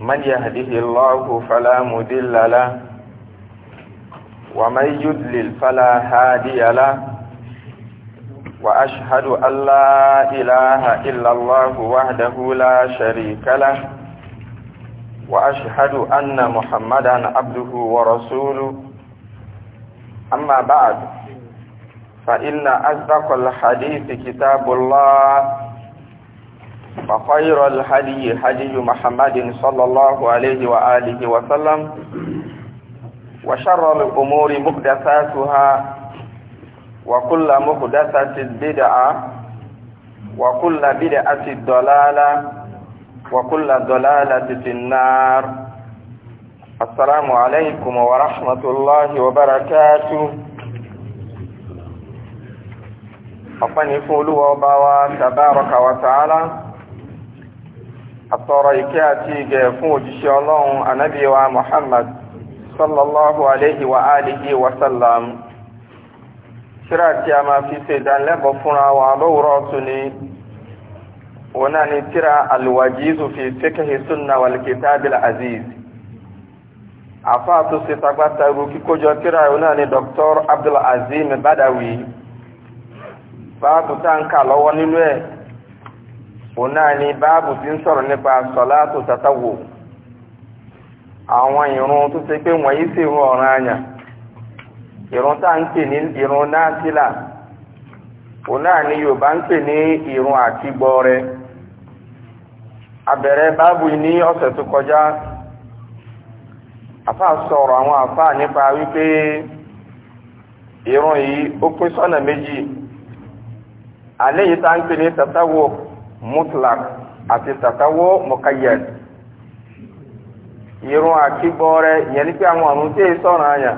من يهده الله فلا مدل له ومن يدلل فلا هادي له وأشهد أن لا إله إلا الله وحده لا شريك له وأشهد أن محمدا عبده ورسوله أما بعد فإن أصدق الحديث كتاب الله وخير الهدي هدي محمد صلى الله عليه وآله وسلم وشر الأمور محدثاتها وكل محدثة بدعة وكل بدعة ضلالة وكل ضلالة في النار السلام عليكم ورحمة الله وبركاته أفني فولو وبوا تبارك وتعالى àtọ̀rọ̀ ìkẹ́ àti ìgẹ̀ fún òjíṣẹ́ ọlọ́run ànábì wa Muhammad sallallahu alayhi wa alihi wa sallam síra tí a máa fi ṣe ìdánilẹ́kọ̀ọ́ fúnra wa lówùrọ̀ tún ni wọn náà ni tíra alwajizu fi fiqhi sunna wal kitab al Abdul Azim o náà ni báàbù ti ń sọ̀rọ̀ nípa tàtàwò àwọn ìrun tó ṣe pé wọ̀nyí sì rún ọ̀ràn àyàn ìrun tá ń pè ní ìrun náàfílà o náà ni yorùbá ń pè ní àti àkígbọrẹ abẹ̀rẹ̀ báàbù ní ọ̀sẹ̀ tó kọjá afa sọ̀rọ̀ àwọn afa nípa wípé yìí ó pín sọ́nà méjì àléyìí tá ń pè ní tàtàwò mutlak àti tatawo muqayyad irun àkíbọrẹ ìyẹn ní pé àwọn àrùn tí èyí sọ̀rọ̀ àyà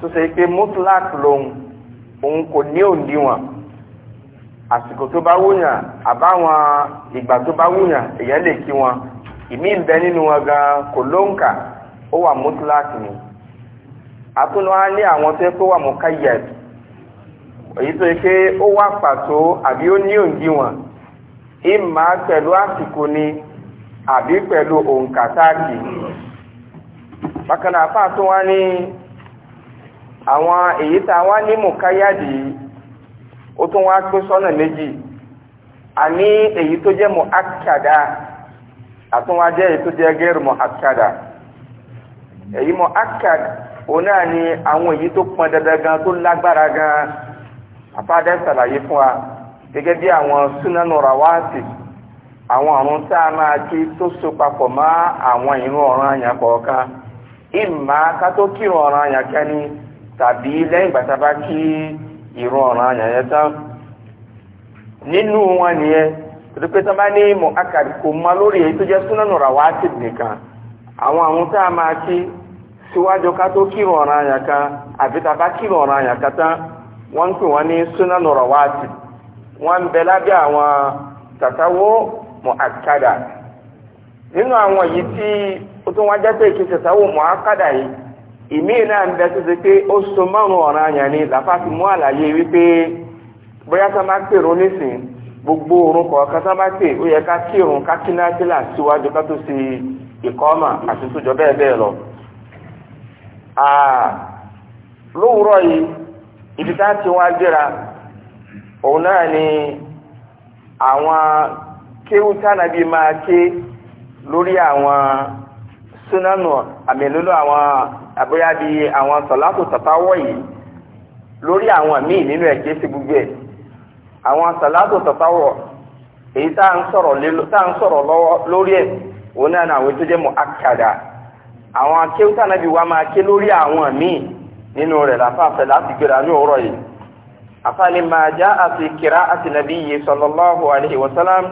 tó ṣe pé mutlak lòun òun kò ní òǹdíwọ̀n àsìkò tó bá wúyàn àbáwọn ìgbà tó bá wúyàn èyàn lè kí wọn ìmí ń nínú wọn gan kò lóǹkà ó wà mutlak ni á ní àwọn tó yẹ kó wà èyí tó yẹ pé ó wà pàtó àbí ó ní òǹdíwọ̀n ìmà pẹ̀lú àsìkò ni àbí pẹ̀lú òǹkà táàkì bákanáà fáà tó wá ní àwọn èyí tá wá ní mùkáyàdì ó tún wá pín sọ́nà méjì a ní èyí tó jẹ́ mọ̀ ákàdá àtúnwá jẹ́ èyí tó jẹ́ gẹ́rù mọ̀ ákàdá èyí mọ̀ ákàdá òun náà ni àwọn èyí tó pọn dandan gan tó lágbára gan gẹ́gẹ́ bí àwọn súnánù rawati àwọn àrùn tá a máa kí tó so papọ̀ àwọn ìrun ọ̀ràn àyàn kọ̀ọ̀kan ìmọ̀ ká tó kírun ọ̀ràn àyàn kan ni tàbí lẹ́yìn ìgbà a bá kí ìrun ọ̀ràn àyàn yẹn tán nínú wọn nìyẹn pé bá ní kò mọ lórí èyí tó súnánù nìkan àwọn àrùn a máa kí síwájú wọn bẹ lábẹ́ àwọn mọ mọ̀àkádà nínú àwọn yìí tí ó tún wájá pé kí mọ mọ̀àkádà yìí ìmí náà ń bẹ tó ṣe pé so ọ̀ràn àyàn ni làfà ti mú àlàyé wípé bóyá tá nísìn gbogbo kọ̀ọ̀kan pè ó yẹ ká kírun ká kí náà síwájú ká tó ṣe lọ. yìí ibi tá a ti wá òun náà ni àwọn kéwú tánàbí máa ké lórí àwọn súnánù àmìlólò àwọn àbóyá bí àwọn sọ̀látò tàtàwọ̀ yìí lórí àwọn míì nínú ẹ̀kẹ́ sí gbogbo ẹ̀ àwọn sọ̀látò eyi èyí tá ń sọ̀rọ̀ lọ́wọ́ lórí ẹ̀ òun náà àwọn tó jẹ́ mọ̀ àkàdà àwọn akéwú tánàbí wa máa ké lórí àwọn míì nínú rẹ̀ afani ma jaa fi qira'ati nabiyyi sallallahu alaihi wasallam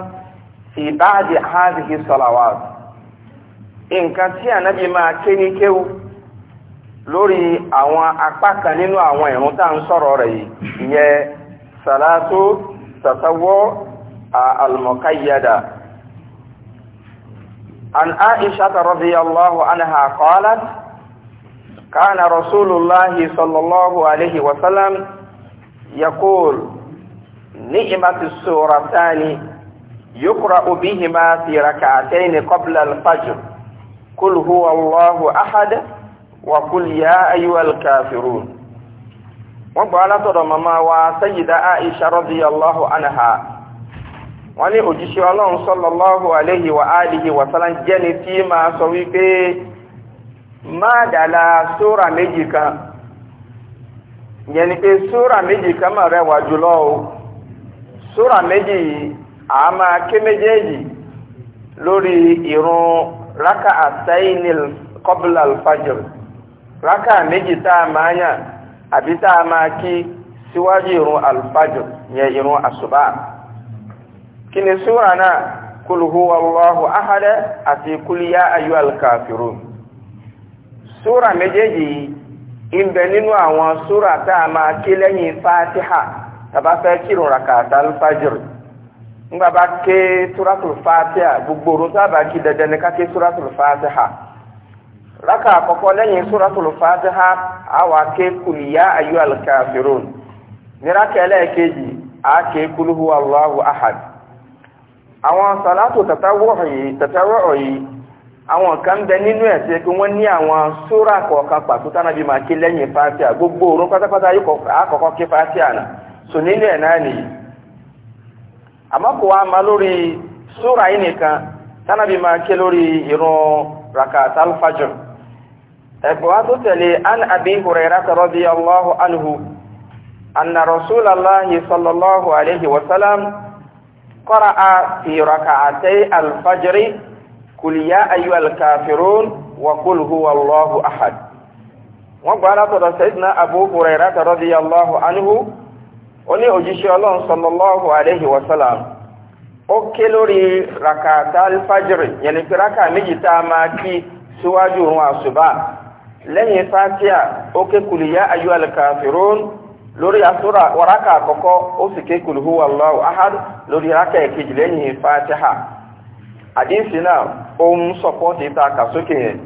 fi ba'di hadhihi salawat nǹkan tí ànábì máa ké ní kéwú lórí àwọn apá kan nínú àwọn ìrun tá ń sọ̀rọ̀ rẹ̀ yìí ìyẹn salatu tatawwu al-muqayyada an aisha radhiyallahu anha qalat kana rasulullahi sallallahu alaihi wasallam يقول نعمة السورتان يقرأ بهما في ركعتين قبل الفجر قل هو الله أحد وقل يا أيها الكافرون وقال ترى ماما وسيدة عائشة رضي الله عنها wọ́n ní òjíṣẹ́ ọlọ́run sallallahu alayhi wa alihi wa sallam jẹ́ni tí máa sọ wípé má dàlá sóra méjì kan ìyẹn ni pé súrà méjì kan máa rẹwà jùlọ o súrà méjì yìí a máa ké méjèèjì lórí ìrun rákà àtẹ́yìn kọ́bùlà alfajr rákà méjì tá a máa yàn àbí tá a máa kí síwájú ìrun alfajr yẹn ìrun àṣùbà kí ni súrà náà kúlùhù wàlúwàhù áhàdẹ àti kúlìyà ayú alkàfìrún súrà méjèèjì yìí. ìbẹ nínú àwọn súrà tá a máa ké lẹ́yìn fatiha tàbá fẹ́ kírun rakata alfajiri nígbà bá ké suratul fatiha gbogbo orun sábà kí dandan ní ká ké suratul fatiha raka àkọ́kọ́ lẹ́yìn suratul fatiha àwa ké kuliya ayu alikafirun ní raka ẹlẹ́ẹ̀kejì a ké kuluhu allahu ahad àwọn salatu tatawo yìí tatawo yìí. àwọn kan bẹ nínú ẹ̀ ṣe pé wọ́n ní àwọn sóra kọ̀ọ̀kan pàtó tánàbí máa ké lẹ́yìn fàtíà gbogbo òórùn pátápátá àkọ́kọ́ ké fàtíà nà so nínú ẹ̀ náà nìyí àmọ́ kò wá máa lórí sóra yìí nìkan tánàbí máa ké lórí ìrun rakat alfajr ẹ̀gbọ́n wa tó tẹ̀lé an abi hurairah radiyallahu anhu anna rasulallahi sallallahu alayhi wa sallam qara'a fi raka'atay alfajri. kul ya ayyuhal kafirun wa kul huwa allahu ahad wọ́n gbà látọ̀dọ̀ sayyidina abu hurairah radiyallahu anhu ó ní òjíṣẹ́ ọlọ́run sallallahu alayhi wa sallam ó ké lórí rakata alfajiri yẹni pé raka méjì tá a máa kí síwájú òun àṣùbà lẹ́yìn fatiha ó ké kul ya ayyuhal kafirun lórí asúra waraka àkọ́kọ́ ó sì ké kul huwa allahu àdínsì náà ó ń sọpọ́tì ta kàsókè yẹn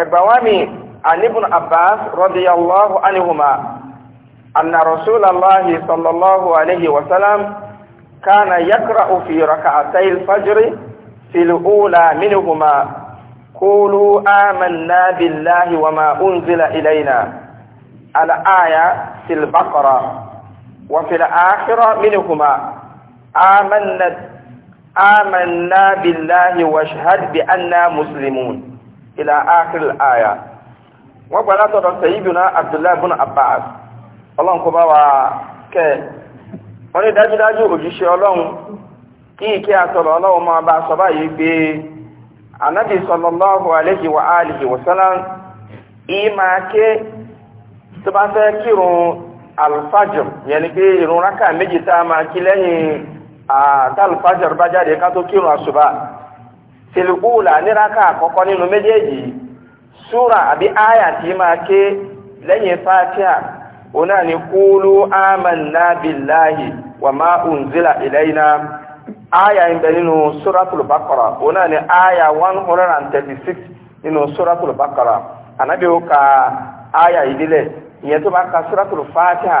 ẹgbàwámi anibun abbas radiyallahu anihuma anna rasulallahi sallallahu alaihi wasallam kana yakra'u fi raka'atayil fajri fil ula minhuma قولوا آمنا بالله وما أنزل إلينا الآية في البقرة وفي الآخرة منهما آمنا آمنا بالله واشهد بأننا مسلمون إلى آخر الآية وقال ترى سيدنا عبد الله بن عباس الله كبا وكي wọ́n ní dájúdájú òjíṣẹ́ ọlọ́run kí ìkẹ́ àtọ̀rọ̀ ọlọ́run máa bá sọ báyìí pé anábì sallallahu alayhi wa alihi wa sallam ìmáa ké tó bá fẹ́ kírun alfajr yẹni pé ìrun rákà méjì tá a máa kí lẹ́yìn aaa ah, ta bá jáde ká tó kírun àṣùbà tìlùkúùlà níraka àkọ́kọ́ nínú méjèèjì súra àbí áyà tí máa ké lẹ́yìn ni kúlú ámànà nabilahi wà máa unzila ìlẹ́yìnà áyà ń bẹ nínú súratul baqara ni áyà one and thirty six nínú súratul ka ka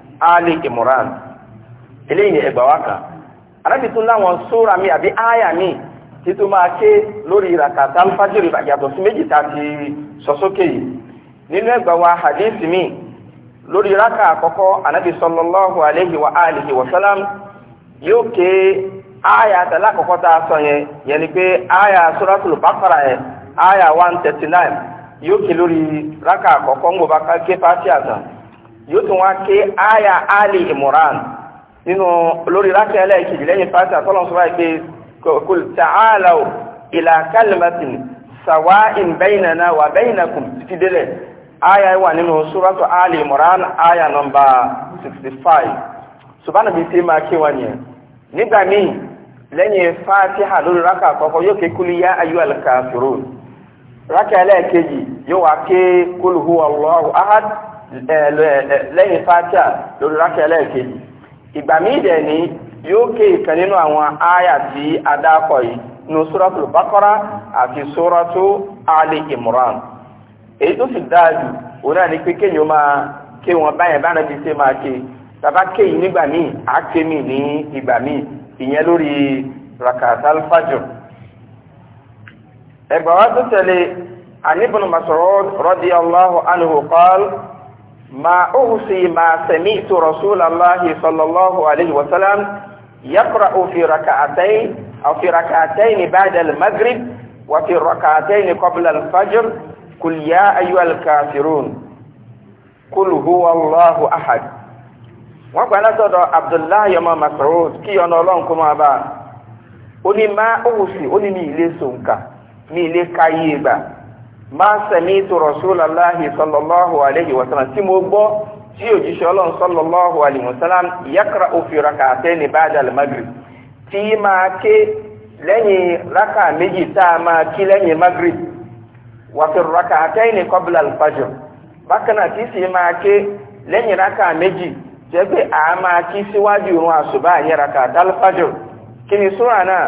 ali imran eléyìí ni ẹgbà kan alábi tún láwọn mi àbí áyà mi títún máa ké lórí ràkàtà alfajiri yàtọ̀ sí méjì tá a yìí nínú ẹgbà hadith mi raka àkọ́kọ́ anábì wa alihi wa sallam yóò ké áyà tẹ̀lé àkọ́kọ́ tá sọ yẹn yẹn ni pé one yóò ké lórí àkọ́kọ́ ń bá ké yóò tún wá ké aya ali imran nínú lórí rákẹ́lẹ́ ìkejì lẹ́yìn fásitì àtọ́lọ́sọ́wá ìpè kul ta'alaw ila kalimatin sawa'in baynana wa baynakum títí délẹ̀ aya wà nínú suratu ali imran aya nọmba 65 subhana bíi tí máa ké wọn yẹn nígbà míì lẹ́yìn fatiha lórí rákà àkọ́kọ́ yóò ké kúlí yá ayú alkafirun ìkejì yóò wá ké lẹ́yìn fatia lórí rákẹ́ lẹ́ẹ̀kejì ìgbà míì dẹ̀ ni yóò ké ìkan nínú àwọn àyà tí a dákọ̀ yìí nínú sóràtù bákọ́rá àti sóràtù ali imran èyí tó sì dáàjù òun náà ni pé kéèyàn máa ké wọn báyẹn báyẹn ti ṣe máa ké tàbá ké yìí nígbà míì á ké mi ní ìgbà míì ìyẹn lórí rakata alfajr ẹgbàá wa tó tẹ̀lé عن ابن مسعود رضي الله ما أوصي ما سمعت رسول الله صلى الله عليه وسلم يقرأ في ركعتين أو في ركعتين بعد المغرب وفي الركعتين قبل الفجر قل يا أيها الكافرون قل هو الله أحد وقال صدى عبد الله يما مسعود كي ينولون كما با oni ma owo si oni mi ile sonka mi ile kaye ba ma sami'tu rasulallahi sallallahu alayhi wa sallam tí mo gbọ́ tí òjíṣẹ́ ọlọ́run sallallahu alayhi wa sallam yaqra'u fi rak'atayni ba'da al-maghrib tí máa ké lẹ́yìn rákà méjì tá a máa kí lẹ́yìn maghrib wa fi rak'atayni qabla al-fajr bákan náà tí sì máa ké lẹ́yìn rákà méjì jẹ́ pé a máa kí síwájú irun àṣùbà yẹn rákà al-fajr kí ni súrà náà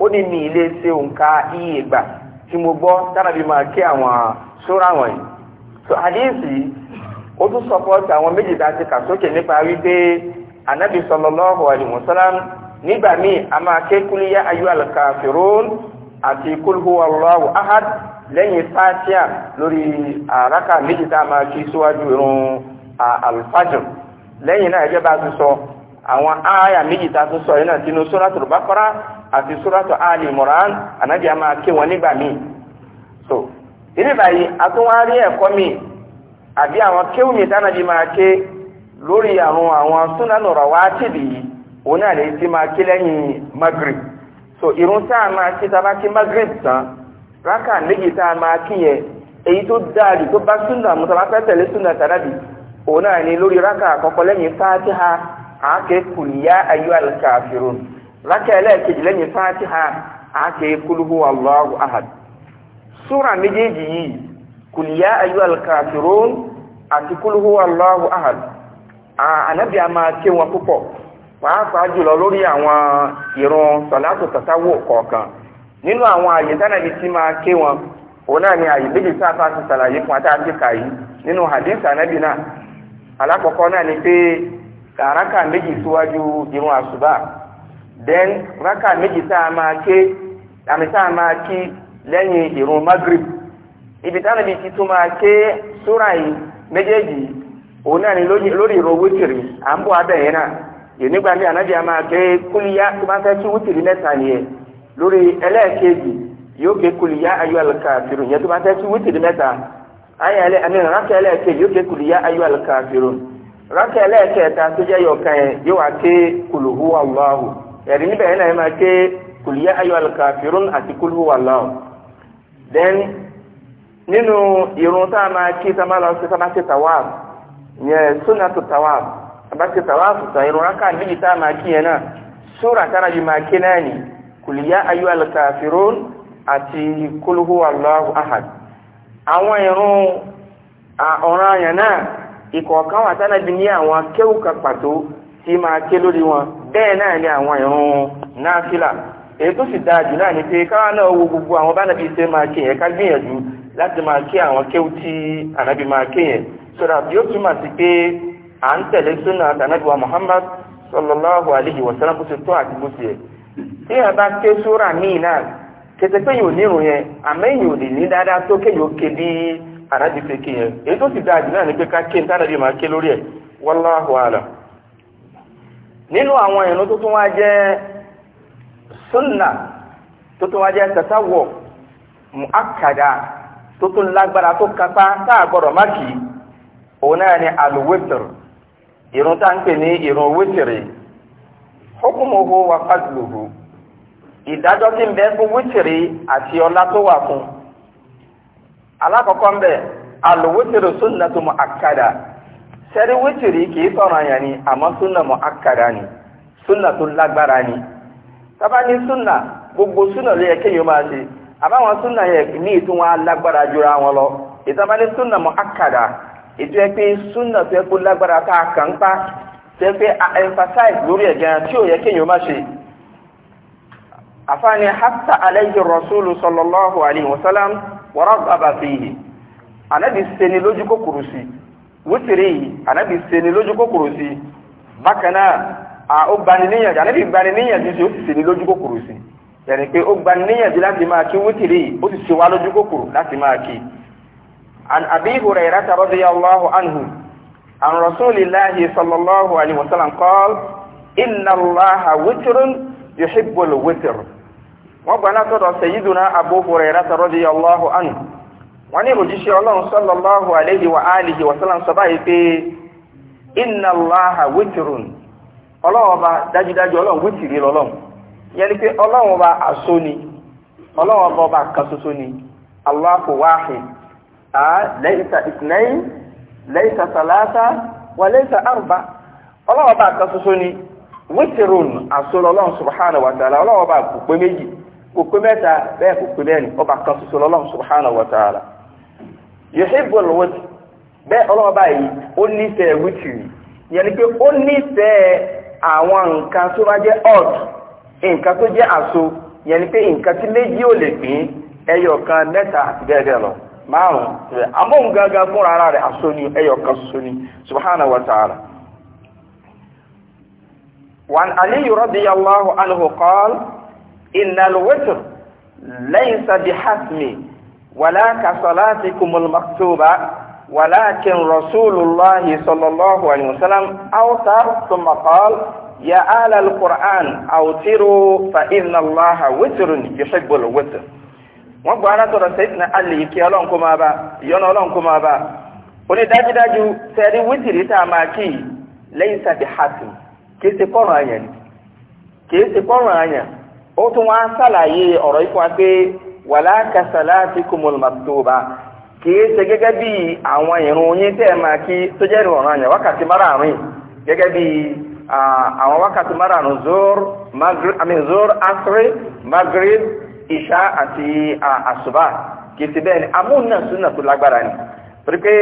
ó ní ní ilé ṣe òǹkà iye ìgbà tí mo gbọ́ tánàbí máa kí àwọn sóra wọ̀nyí so àdéhìsì ó tún sọpọ́tì àwọn méjì tá a ti kà sókè nípa wípé anabi sallallahu alaihi wasallam nígbà míì a máa ké kúlíyá ayú alkafirun àti kul huwa ahad lẹ́yìn fátíà lórí àràkà méjì tá a máa kí síwájú irun alfajr lẹ́yìn náà ẹgbẹ́ bá ti sọ àwọn ááyà méjì tá a tún sọ yìí náà sínú sóràtò bákọ́rá àti sóràtò áàlì mọ̀rán a máa ké wọn nígbà míì so ilé báyìí a tún wá rí ẹ̀kọ́ mi àbí àwọn kéwù mi tánàbí máa ké lórí àrùn àwọn súnánù rawatibi yìí òun náà lè ti máa magrib so irun tá a máa ké tá a bá ké magrib tán rákà méjì tá a máa ké yẹn èyí tó tó bá súnà fẹ́ tẹ̀lé súnà òun náà ní a kùlìyà ayú alikàfirun lákẹ́lẹ́ kejì lẹ́yìn fatiha àáké kúlùhù allahu ahad súra méjèèjì yìí kùlìyà ayú alikàfirun àti allahu ahad a máa ké wọn púpọ̀ a jùlọ lórí àwọn ìrun sọ̀látò tàtàwò kọ̀ọ̀kan nínú àwọn àyè tánàbí tí máa ké wọn òun náà ni àyè méjì tí a bá ti ṣàlàyé fún yìí nínú hadith náà alákọ̀ọ́kọ́ náà ni ka raka méjì síwájú irun àsùbà then raka méjì tá a kí irun magrib ibi ta ibi ti ké súra yìí méjèèjì òun náà ni lórí irun wítìrì à ń yẹn náà a máa ké kúlíyá tó bá fẹ́ wítìrì mẹ́ta nìyẹn lórí ẹlẹ́ẹ̀kejì yóò ké kúlíyá ayọ́ àlùkàfírùn yẹn tó bá fẹ́ rákà ẹlẹ́ẹ̀kẹta tó jẹ́ yọ̀ọ̀kan yẹn yóò wá ké kùlùhù aláhù ẹ̀rí níbẹ̀ yẹn náà máa ké kùlùyà ayọ̀ alkafirun àti kùlùhù aláhù. then nínú irun tá a máa kí tá a máa lọ sí sábà ṣe tawaf yẹn sunna tó tawaf sábà tawaf tán irun rákà níbi tá a máa kí yẹn náà súrà tára yìí máa ké náà ni kùlùyà ayọ̀ alkafirun àti kùlùhù aláhù ahad. àwọn irun ọ̀ràn yẹn náà ìkọ̀ọ̀kan wà tánàbí ní àwọn akéwù pàtó tí ma ké lórí wọn bẹ́ẹ̀ náà ni àwọn ìrun náfìlà èyí tó sì dáa náà ni pé náà gbogbo àwọn bánàbí ṣe ma ké yẹn ká gbìyànjú láti ma ké àwọn kéwù tí ànábì ké yẹn ó sí Muhammad sallallahu alayhi wa sallam tó àti yẹ a bá ké súrà míì náà kẹsẹ̀ pé yóò nírun yẹn àmẹ́yìn ò ànábì fẹ́ kí yẹn èyí tó sì dáa jù náà ni pé ká kí n tánàbí máa ké lórí ẹ̀ wallahu alam nínú àwọn ìrun tó tún wá jẹ́ sunna tó tún wá jẹ́ tasawwuf mu'akkada tó tún lágbára tó kápá tá a gbọ́dọ̀ má kì í òun ni irun witr tá ń pè ní wa fadluhu ìdájọ́ tí ń bẹ fún alákọ̀ọ́kọ́ ń bẹ̀ alùwítìrì súnà tó mọ̀ àkàdà sẹ́rí wítìrì kìí sọ̀rọ̀ yẹn ni àmọ́ súnà mọ̀ àkàdà ni súnà tó lágbára ni tábà ní súnà gbogbo súnà ló yẹ kéèyàn máa ṣe àbáwọn súnà yẹn ní ìtún wọn jura wọn lọ ìtàbá ní súnà mọ̀ àkàdà ètò ẹ pé súnà tó yẹ kó lágbára tá a kàn ń pa tẹ́ pé a emphasize lórí ẹ̀ gan tí ò yẹ kéèyàn má ṣe àfáàní hatta alayhi rasulu sallallahu alayhi wa sallam waragaba fihi anabi seni lójú kòkòrò sí wítìrí yìí anabi seni lójú kòkòrò sí bákan náà ó gbani níyànjú anabi gbani níyànjú sí ó sì seni lójú kòkòrò sí yẹni pé ó gbani níyànjú láti máa kí wítìrí yìí ó sì ṣe wá lójú kòkòrò láti máa kí. an abi hurairata radiyallahu anhu an rasulillahi sallallahu alaihi wasallam qala inna allaha witrun yuhibbul witr wọ́n gbà látọ̀dọ̀ sayyiduna Abu Hurairah radiyallahu anhu wọ́n ní òjíṣẹ́ ọlọ́run sallallahu alayhi wa alihi wa sallam sọ báyìí pé inna Allaha witrun ọlọ́run ọba dájúdájú ọlọ́run wítìrì lọ́lọ́run yẹni pé ọlọ́run ọba àṣọ ni ọlọ́run ọba ọba kan ṣoṣo ni Allahu wahid laysa ithnayn laysa thalatha wa laysa arba ọlọ́run ọba kan ṣoṣo ni witrun àṣọ lọ́lọ́run subhanahu wa ọlọ́run ọba kò pé méjì kò pé mẹ́ta bẹ́ẹ̀ kò pé mẹ́rin ọba kan soso lọ́lọ́run subhanahu wa ta'ala yuhibbul witr bẹ́ẹ̀ ọlọ́run báyìí ó nífẹ̀ẹ́ wítìrì yẹn ni pé ó nífẹ̀ẹ́ àwọn nǹkan tó bá jẹ́ odd nǹkan tó jẹ́ àso yẹn pé nǹkan tí méjì ò ni ẹyọ kan ni wa ta'ala. إن الوتر ليس بحسم ولا كصلاتكم المكتوبة ولكن رسول الله صلى الله عليه وسلم أوتر ثم قال يا آل القرآن أوتروا فإن الله وتر يحب الوتر wọ́n gba alátọ̀rọ̀ sẹ́yìn alì ìkẹ́ ọlọ́nkó máa bá ìyọ́nà ọlọ́nkó máa bá ó ní dájúdájú tẹ̀rí wítìrì tá a máa kí lẹ́yìn sàbí hàtì kìí ṣe kọ́rùn-ún àyàn kìí ṣe kọ́rùn-ún ó tún wá sàlàyé ọ̀rọ̀ yìí fún wa pé wàlá kasalatikumul maktuba kìí ṣe gẹ́gẹ́ bí àwọn ìrun yín tẹ́ máa kí tó jẹ́ ìrun ọ̀ràn yẹn wákàtí márààrún gẹ́gẹ́ bí àwọn wákàtí márààrún zor maghrib amin isha àti àṣùbà kìí ṣe bẹ́ẹ̀ ni amúnà súnà tó lágbára ni torí pé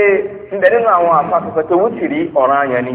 ń bẹ nínú àwọn àfàkùnfẹ́ tó wútìrí ọ̀ràn yẹn ni.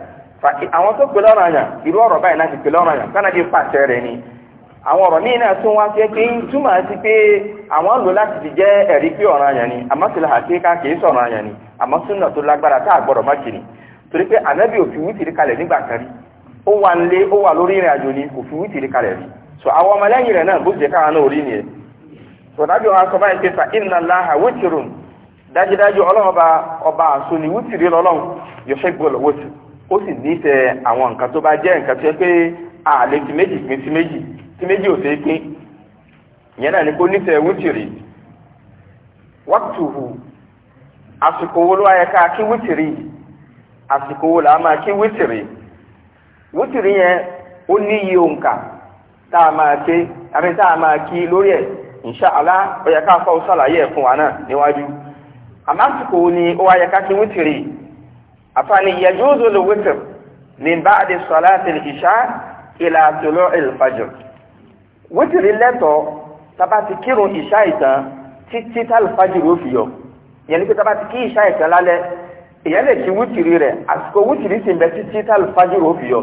àwọn tó pèlè ọ̀rọ̀ àyàn irú ọ̀rọ̀ báyìí láti pèlè ọ̀rọ̀ àyàn kánàdé pàṣẹ rẹ̀ ni àwọn ọ̀rọ̀ míì náà tún wá sí pé ń túmọ̀ sí pé àwọn lò láti ti jẹ́ ẹ̀rí pé ọ̀rọ̀ àyàn ni àmọ́ sí ká kìí sọ̀rọ̀ àyàn ni àmọ́ súnà tó lágbára tá a má kiri torí pé ànábì wítìrí kalẹ̀ nígbà kan rí ó wà ó wà ni wítìrí kalẹ̀ rí so àwọn ọmọlẹ́yìn rẹ̀ náà bó ti káwọn náà rí nìyẹn so dábì wọn sọ báyìí pé fa dájúdájú ó sì nífẹ̀ẹ́ àwọn nǹkan tó bá jẹ́ nǹkan tó yẹ pé àlè ti méjì pín sí méjì tí méjì ò ṣeé pín ìyẹn náà ni kó nífẹ̀ẹ́ wítìrì wákùtùhù àsìkò wo ló wáyé ká kí wítìrì àsìkò wo làá máa kí wítìrì wítìrì yẹn ó a máa ké àbí tá a máa kí lórí ẹ̀ insha Allah ká fọ́ ṣàlàyé ẹ̀ àfààní yẹjúdù lè wítìr ní báàdì sọlá ti ìṣá ìlà tòló ìlfàjọ wítìrì lẹ́tọ̀ tábà ti kírun ìṣá ìtàn títí tálfàjọ ló fi yọ yẹn ni pé tábà ti kí ìṣá ìtàn lálẹ́ èyàn lè kí wútìrí rẹ̀ àsìkò wútìrí ti bẹ títí tálùfájúrò ó fi yọ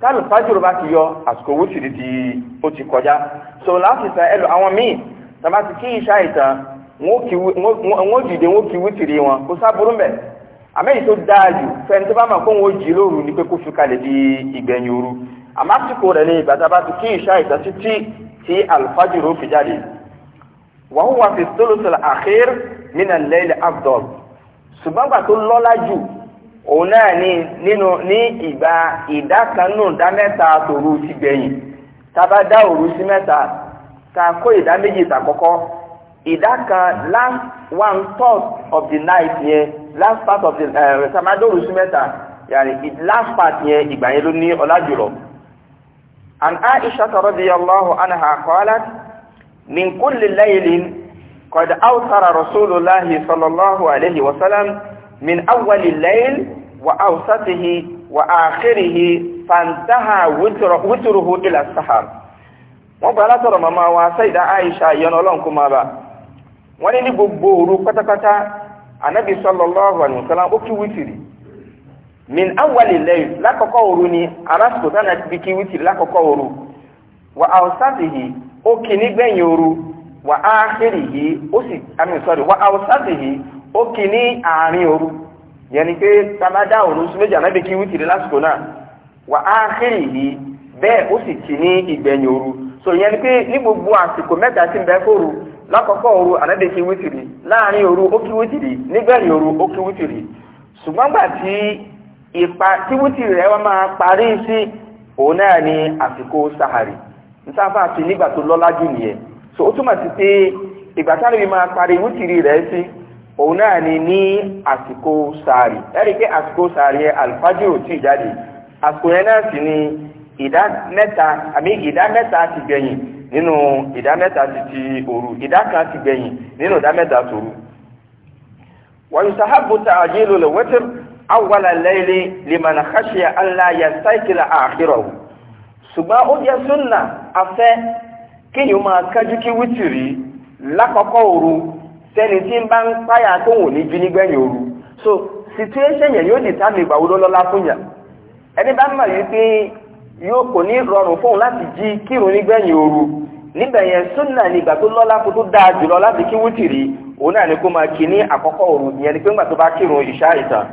tálùfájúrò bá ti yọ àsìkò wútìrí ti ó ti kọjá so láti sàn ẹlò àwọn míì tàbá ti kí iṣẹ́ àìtàn wọn ó dìde wọn ó kí wútìrí wọn kó sábúrú àmẹ́yìn tó dáa jù fẹ́ni tó bá mọ̀ kó wọ́n jí lóru ni pé kó fi kalẹ̀ di ìgbẹ̀yìn òru àmọ́ àsìkò rẹ̀ ní ìgbà tá a bá ti kí ìṣá ìtọ́sí tí tí alfajiro fi jáde wa huwa fi thuluthil akhir min al-layl afdal ṣùgbọ́n gbà tó lọ́lá jù òun náà ní nínú ní ìgbà ìdá kan nù dá mẹ́ta tòru ti gbẹ̀yìn tá a bá dá òru sí mẹ́ta tá a kó ìdá méjì tàkọ́kọ́ ìdá last one third of the night yẹn last part of the samadoru eh, sí mẹ́ta yàrá last part yẹn ìgbà yẹn ló ní ọlá an aisha radiyallahu anha qalat min kulli laylin qad awtara rasulullahi sallallahu alayhi wa sallam min awwali layl wa awsatihi wa akhirihi fantaha witruhu ila sahar. wọ́n gba látọ̀rọ̀ màmá wa sayida aisha yẹn ọlọ́nkú máa bá. wọ́n ní ní gbogbo òru pátápátá anabi sallallahu alaihi wasallam ó kí wítìrì min awali lẹ́yìn lákọ̀ọ́kọ́ ni arásìkò tánà ti kí wítìrì lákọ̀ọ́kọ́ òru wà àwòsàtìhì ó kì nígbẹ̀yìn òru wà áhìrìhì ó sì àmì sọ́rí wà àwòsàtìhì ó kì ní àárín òru yẹni pé anabi kí wítìrì lásìkò náà wà bẹ́ẹ̀ ó sì kì ní so yẹni pé ní gbogbo àsìkò mẹ́ta lákọ̀ọ́kọ́ òru anadeke kí wítìrì láàrin oke ó kí wítìrì oke òru ó kí wítìrì ṣùgbọ́n tí ipa tí wítìrì rẹ̀ wá máa parí sí òun náà ni àsìkò sahari nsáfà àti nígbà tó lọ́lá jù nìyẹn so ó túmọ̀ sí pé ìgbà máa parí rẹ̀ ni ní àsìkò sahari ẹ̀rí pé àsìkò sahari yẹn jáde àsìkò yẹn náà sì ni ìdá mẹ́ta àbí ìdá mẹ́ta nínú ìdá mẹ́ta ti ti òru ìdá kan ti gbẹ̀yìn nínú ìdá mẹ́ta tòru. ويستحب تعجيل الوتر أول الليل لمن خشي awala لا يستيقظ آخره ṣùgbọ́n ó jẹ́ súnà afẹ́ kéèyàn máa kájú kí wítìrì lákọ̀ọ́kọ́ òru sẹ́ni tí ń bá ń páyà tó wò ní jí nígbẹ̀yìn òru so situation yẹn yóò dìtàmì ìgbà wo fún yàn ẹni bá mọ̀ yìí pé yóò kò ní rọrùn fóun láti jí kírun nígbẹ̀yìn òru níbẹ̀ yẹn súnà ní ìgbà tó lọ́lá kó tó dáa jùlọ láti kí wútìrì òun náà ni kó máa kí ní àkọ́kọ́ òru ìyẹn ni pé ńgbà tó bá kírun ìṣá ìtàn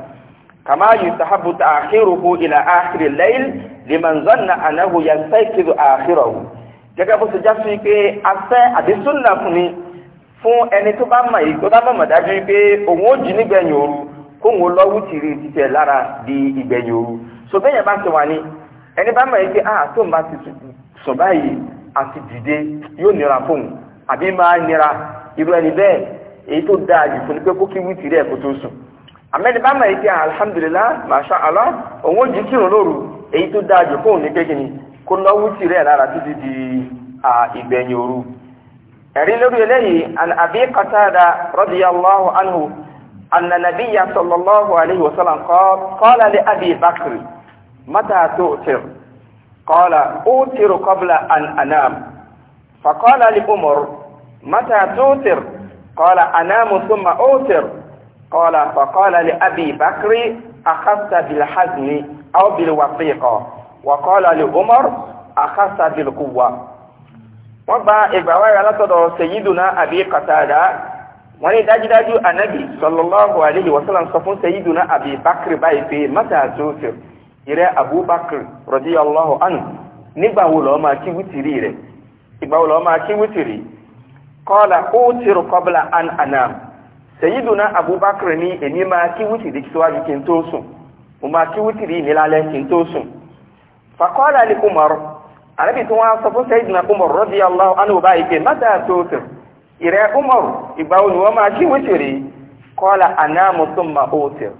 kàmá yustahabu ta'khiruhu ila akhiri layl liman zanna annahu yastayqizu akhirahu gẹ́gẹ́ bó ṣe já sí pé afẹ́ àti súnà fún ni fún ẹni tó bá mọ̀ yìí tó bá mọ̀ dájú pé òun ó jí nígbẹ̀yìn òru kóun lọ wútìrì títẹ̀ lára di ìgbẹ̀yìn òru so bẹ́ẹ̀ yẹn bá ti wà ní ẹni bá mọ̀ yìí pé ah tó n bá ti sọ báyìí àti dìde yóò nira fún un àbí máa nira irú ẹni bẹ́ẹ̀ èyí tó dáa jù fún ni pé kó kí wí tìrẹ̀ kó tó sùn bá mọ̀ pé ah, alhamdulillah masha allah òun ò jí kírun lóru èyí tó dáa jù fóun ní kékeré kó lọ wí lára títí di ìgbẹ̀yìn òru ẹ̀rí lórí eléyìí anhu alayhi wa sallam متى تؤثر قال أؤثر قبل أن أنام فقال لعمر متى تؤثر قال أنام ثم أؤثر قال فقال لابي بكر أخذت بالحزم أو بالوثيقة وقال لعمر أخذت بالقوة وبا إبوايا لتدعو سيدنا أبي قتادة wọ́n ní dájúdájú anabi sallallahu alayhi wa sallam sọ fún sayiduna abi bakr báyìí pé mata tó fẹ́ ìrẹ abubakar radiyallahu anhu nígbà wo lọ́ọ́ máa kí wítìrì rẹ̀ ìgbà wo kí wítìrì kọ́lá an anam abubakar ní èmi kí síwájú kí n tó sùn mo kí mi lálẹ́ kí n tó sùn fakọ́lá umar tí wọ́n sọ fún umar tó umar ni wọ́n máa kí wítìrì kọ́lá anamu thumma ó tẹ̀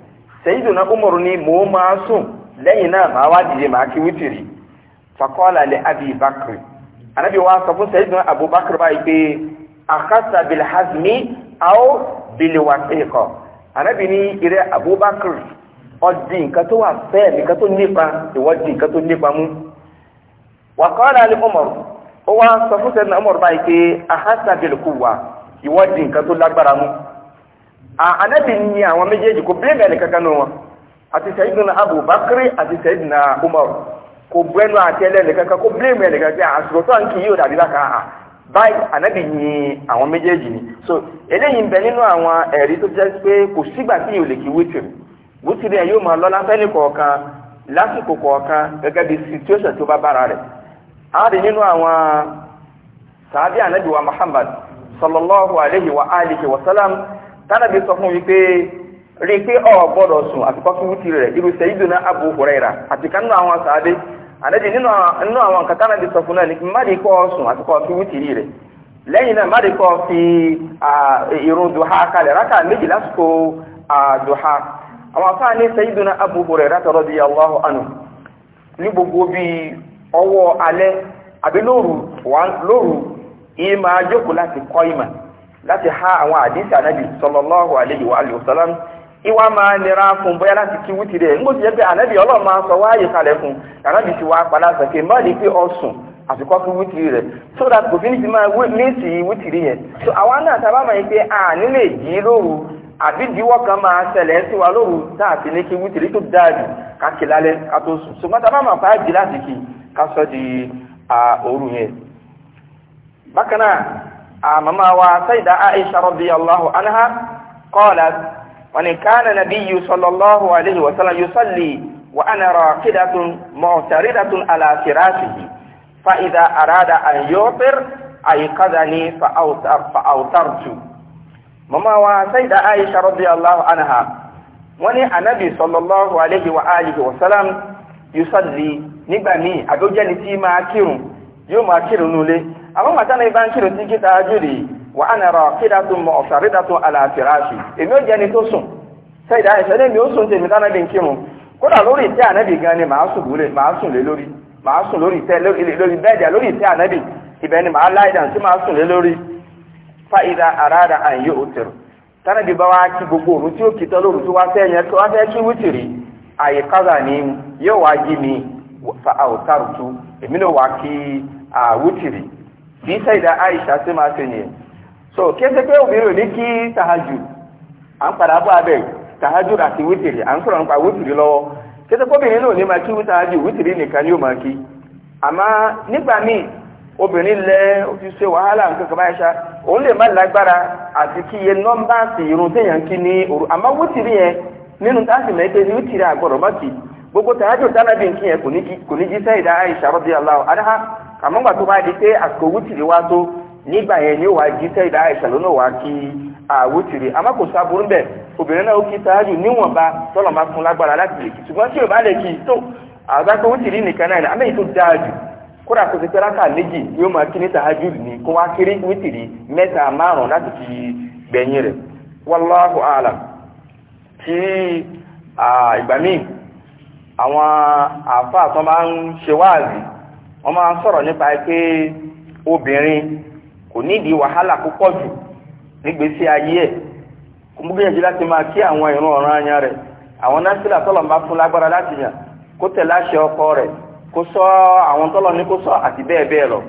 sayyiduna umar ní mò lẹ́yìn náà màá wá dìde màá kí wítìrì fakọ́lá lẹ́ abi bakri anabi wa sọ fún sẹ́yìn náà abubakar báyìí pé akásá bilhazmi aw biliwasẹ́kọ̀ anabi ní ìrẹ́ abubakar ọdí nǹkan tó wà fẹ́ nǹkan tó nípa ìwọ́dí nǹkan tó nípa mú wakọ́lá lẹ́ Umar ó wá sọ fún sẹ́yìn náà Umar báyìí pé akásá bilkuwa ìwọ́dí nǹkan tó lágbára mú anabi ní àwọn méjèèjì kò bí mẹ́rin kankan nù wọn. àti sẹ́yìn náà Abu Bakri àti sẹ́yìn náà Umar kò bu ẹnu àti ẹlẹ́nìí kankan kò bílẹ̀mù ẹnìkan pé àṣùrọ̀ ah, tó à ń kì yóò dàbí láka a ah, ah. báyìí ànábì yin àwọn méjèèjì ni so eléyìí ń bẹ nínú àwọn ẹ̀rí tó jẹ́ pé kò sígbà tí yóò lè kí wítìrì wítìrì ẹ̀ yóò máa lọ láfẹ́lì kọ̀ọ̀kan lásìkò kọ̀ọ̀kan gẹ́gẹ́ bí situation tó bá bára rẹ̀ á nínú wa Muhammad sallallahu alayhi wa alihi wa salam tánàbí sọ fún wípé rí i pé ọ gbọ́dọ̀ sùn àtìkọ́ fún wútìrì rẹ̀ irú Sayyiduna Abu Huraira ati nínú àwọn sàádé ànájì nínú àwọn nǹkan tánà sọ fún náà ní kí mádìí sùn àtìkọ́ náà fi irun duha kalẹ̀ rákà méjì lásìkò duha àwọn afáà ní Sayyiduna Abu Huraira ní gbogbo àbí lóru lóru máa jókòó láti láti àwọn wa iwa máa nira fún bóyá láti kí wítì rẹ̀ ńgbò tí yẹ pé ànábì ọlọ́run máa sọ wáyé kalẹ̀ fún ànábì padà má di pé ọ̀sùn àfikọ́ fún wítì rẹ̀ so that kò fi ní ti máa so àwa náà tá máa pé a nílé jí lóru àbí ìdíwọ́ kan máa ṣẹlẹ̀ sí wa lóru tá a fi ní kí wítì rí tó dáa ká kí lálẹ́ ká tó sùn so mọ́tà bá máa fà á láti kí ká wọ́n ní kana nabiyyu sallallahu alayhi wa sallam yusalli wa ana raqidatun mu'taridatun ala firasihi fa idha arada an yutir ayqadhani fa awtar fa awtartu mama wa sayyida aisha radiyallahu anha wọ́n anabi sallallahu alayhi wa alihi wa sallam yusalli nígbà míì àbí ó jẹ́ni tí máa kírun yóò máa kírun nulẹ̀ àwọn màtánà ibà kírun tí kí tahajjudi wà á nàrọ̀ kídàtún mọ̀ ọ̀sàrídàtún àlàáfíàṣì èmi ò jẹ́ ni tó sùn sẹ́yìn dáhùn ìṣẹ́lẹ̀ mi ó sùn tèmi tánà bí n kí mu kódà lórí ìtẹ́ ànábì gan ni màá lori lé lórí màá sùn lórí ìtẹ́ lórí bẹ́ẹ̀dì lórí ìtẹ́ ànábì ibẹ̀ ni màá láì dàn tí màá sùn lé lórí fáìdà àràdà àyè òtẹ̀rù tánàbí bá wá kí gbogbo òru tí ó kì tán lóru tí wá fẹ́ yẹn tó wá fẹ́ kí wítìrì àyè kázà ni yo wá jí mi fa àwòtárùtù èmi náà wá kí wítìrì bí sẹ́yìn dá àyíṣà sí máa ṣe nìyẹn so kéde pé obìnrin ò ní kí tahajù à ń padà bọ́ abẹ́ tahajù àti wítìrì à ń sọ̀rọ̀ nípa wítìrì lọ́wọ́ kéde pé obìnrin náà ní máa kí tahajù wítìrì nìkan ni ó máa kí àmọ́ nígbà míì obìnrin lẹ ó ti ṣe wàhálà nǹkan kan báyìí ṣá òun lè má lágbára àti irun téèyàn kí ní òru àmọ́ wítìrì yẹn nínú táàsì mẹ́tẹ́ ní wítìrì má kì gbogbo nkí yẹn kò ní jí sẹ́yìn tó bá di pé àsìkò wítìrì wá nígbà yẹn ni ó wá jí sẹ́yìn àìsàn lónà wá kí àwùjìrì àmọ́ kò sábúrú bẹ́ẹ̀ obìnrin náà ó kí sáájú níwọ̀nba tọ́lọ̀ máa fún lágbára láti lè kí ṣùgbọ́n tí ò bá lè kí tó àgbà pé wùjìrì nìkan náà àmì èyí tó dáa jù kódà kò sí pé rákà méjì máa kí ní sáájú ní kó wá kiri mẹ́ta márùn láti kò nídìí wàhálà púpọ̀ jù nígbèsí ayé ẹ̀ kò mú gbìyànjú láti máa kí àwọn ìrun ọ̀ràn ayan rẹ̀ àwọn násìlà tọ́lọ̀ ń bá fún lágbára láti yàn kó ọkọ rẹ̀ kó sọ àwọn tọ́lọ̀ ní kó sọ àti bẹ́ẹ̀ bẹ́ẹ̀ lọ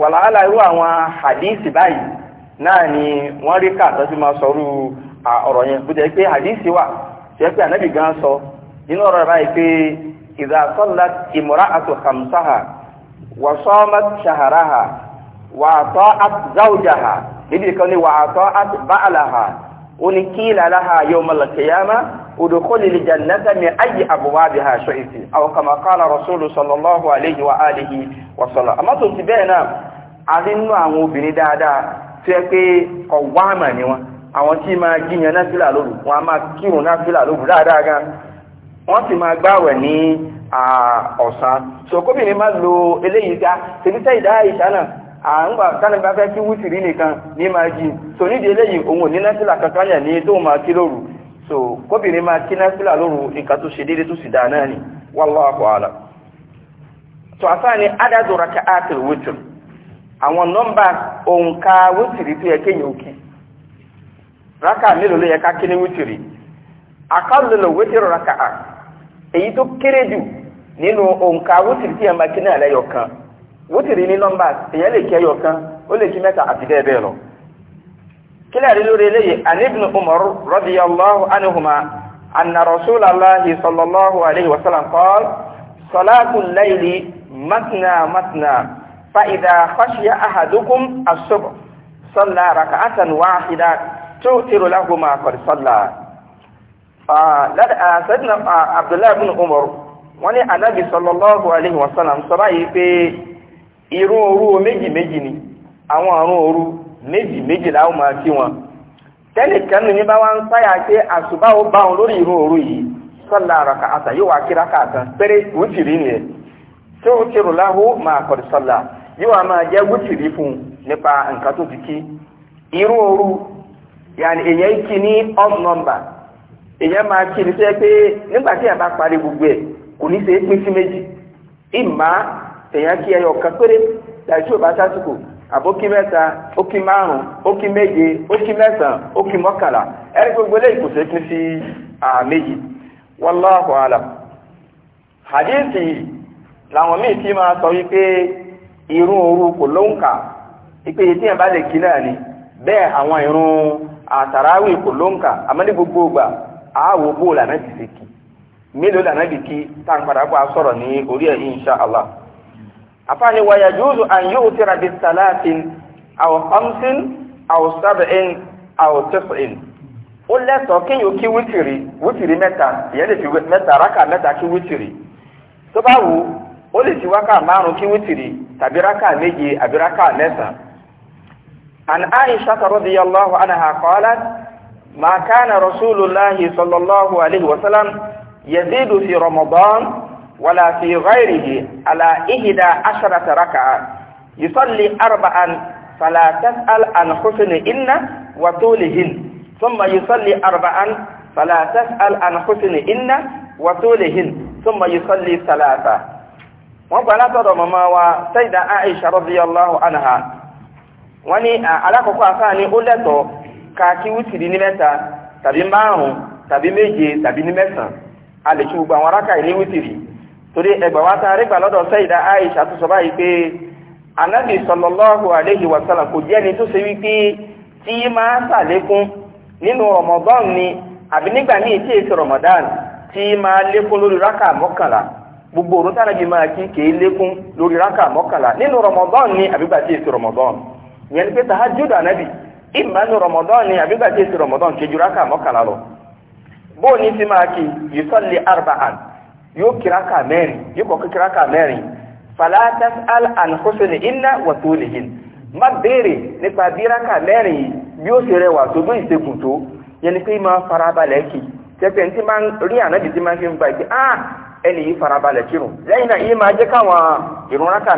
wàhálà irú àwọn hadith báyìí náà ni wọ́n rí ká àtọ́jú máa sọ irú ọ̀rọ̀ yẹn bó jẹ́ pé wà jẹ́ pé ànábì gan sọ nínú wàtọ́ àtúzáwùjáha níbi kan ní wàtọ́ àtúbáàláha ó ní kíìlà láha yawmal qiyamah udkhuli al-jannata min ayyi abwabiha shi'ti aw kama qala rasulu sallallahu alayhi wa alihi wa sallam àmọ́ tó ti bẹ́ẹ̀ náà a rí nínú àwọn obìnrin dáadáa tó yẹ pé ọ̀wá àmà ni wọn àwọn tí máa jíyan náfìlà lóru wọn a máa kírun náfìlà lóru dáadáa gan wọ́n sì máa gbáwẹ̀ ní ọ̀sán ṣòkóbìnrin máa lo eléyìí ká tèbítẹ́ ìdá ìṣá àǹgbà tánà bá fẹ́ kí nìkan ní máa jí so nídìí eléyìí òun ò ní kankan yà ní tó máa kí lóru so kóbìnrin máa kí násílà lóru nǹkan tó ṣe déédéé tó sì dáa náà ni wallahu a'lam so ni adadu raka'atil witr àwọn nọ́mbà òǹkà wútìrí tó yẹ kéèyàn òkè rákà mélòó ló yẹ ká kí ní wútìrí àkàlùlọ wútìrí rákà èyí tó kéré jù nínú òǹkà wútìrí máa kí wítìrì ní nọ́mbà èyàn lè kí ẹyọ kan ó lè kí mẹ́ta àti bẹ́ẹ̀ bẹ́ẹ̀ lọ kílẹ̀ rí lórí eléyìí an ibn umar radiyallahu anhuma anna rasulallahi sallallahu alayhi wa sallam qala salatul layli matna matna fa idha khashiya ahadukum as-subh salla rak'atan wahida tutiru lahu ma qad salla ah sayyidina abdullah ibn umar wọ́n ní anábì sallallahu alayhi wa sallam sọ báyìí pé irun òru meji meji ni àwọn àrùn òru meji meji làwọn máa kí wọn wọn lórí irun yìí àtà yóò wá káàkan péré wútìrí nìyẹn tí ó ti rùn láhùn máa kọ̀ sọ́lá yóò wá máa jẹ́ wútìrí fún un nípa nǹkan tó ti kí irun oru yàní èèyàn kí ní odd number èèyàn máa kí ní sẹ́ pé nígbà tí yàrá bá parí gbogbo ẹ̀ kò ní ṣe é pín sí èèyàn kí ẹyọ kan péré láìsí ò bá sásìkò àbókí mẹ́ta ó kí márùn ó kí méje ó kí mẹ́sàn ó kí mọ́kànlá ẹni gbogbo lè kò làwọn míì ti sọ wípé irun kò lóǹkà yìí tí yẹn bá lè àwọn irun kò lóǹkà àmọ́ ní gbogbo ìgbà àáwò bóòlù àná ti fi kí mélòó làná kí tá Allah. afáàní wa yajuzu an yu'tira bi salatin aw khamsin aw sab'in aw tis'in ó lẹ́tọ̀ọ́ kéèyàn kí wítìrì wítìrì mẹ́ta ìyẹn lè fi mẹ́ta rákà mẹ́ta kí wítìrì tó bá wù ó lè fi wákà márùn kí wítìrì tàbí rákà méje àbí rákà mẹ́sàn-án. عن عائشة رضي الله عنها قالت ما كان رسول الله صلى الله عليه وسلم يزيد في رمضان ولا في غيره على إحدى عشرة ركعة يصلي أربعا فلا تسأل عن حسنهن وطولهن ثم يصلي أربعا فلا تسأل عن حسنهن وطولهن ثم يصلي ثلاثة وقال ترى ماما وسيدة عائشة رضي الله عنها wani alakoko afa ni ó lẹ́tọ̀ọ́ ká kí wítìrì ní mẹ́ta tàbí márùn-ún tàbí méje tàbí ní mẹ́sàn-án a lè ṣe gbogbo àwọn arákà ní wítìrì torí ẹgbà wá tá a rí gbà lọ́dọ̀ sẹ́yìdá Aisha tó sọ báyìí pé anábì sallallahu alaihi wa sallam kò jẹ́ni tó ṣe wípé tí máa ṣàlékún nínú Ramadan ni àbí nígbà míì tí èsì Ramadan tí máa lékún lórí rákà mọ́kànlá gbogbo òrùn tánàbí máa kí kèé lékún lórí rákà mọ́kànlá nínú Ramadan ni àbígbà tí èsì Ramadan ìyẹn ni pé anábì Ramadan ni tí èsì Ramadan rákà mọ́kànlá lọ bóò ní ti máa kí arba'an yóò kíráka mẹ́rin yóò kọ́kọ́ kíráka mẹ́rin falatas al anhusni inna wa tulihin má béèrè nípa bíraka mẹ́rin yìí bí ó ṣe rẹwà tó bí ìṣègùn tó yẹn ni pé máa farabalẹ̀ kì tẹ́pẹ́ ní ti máa ń rí ànábì tí máa fi ń gba ìgbé ah ẹni yìí farabalẹ̀ kírun lẹ́yìn náà yìí máa jẹ́ káwọn ìrun ráka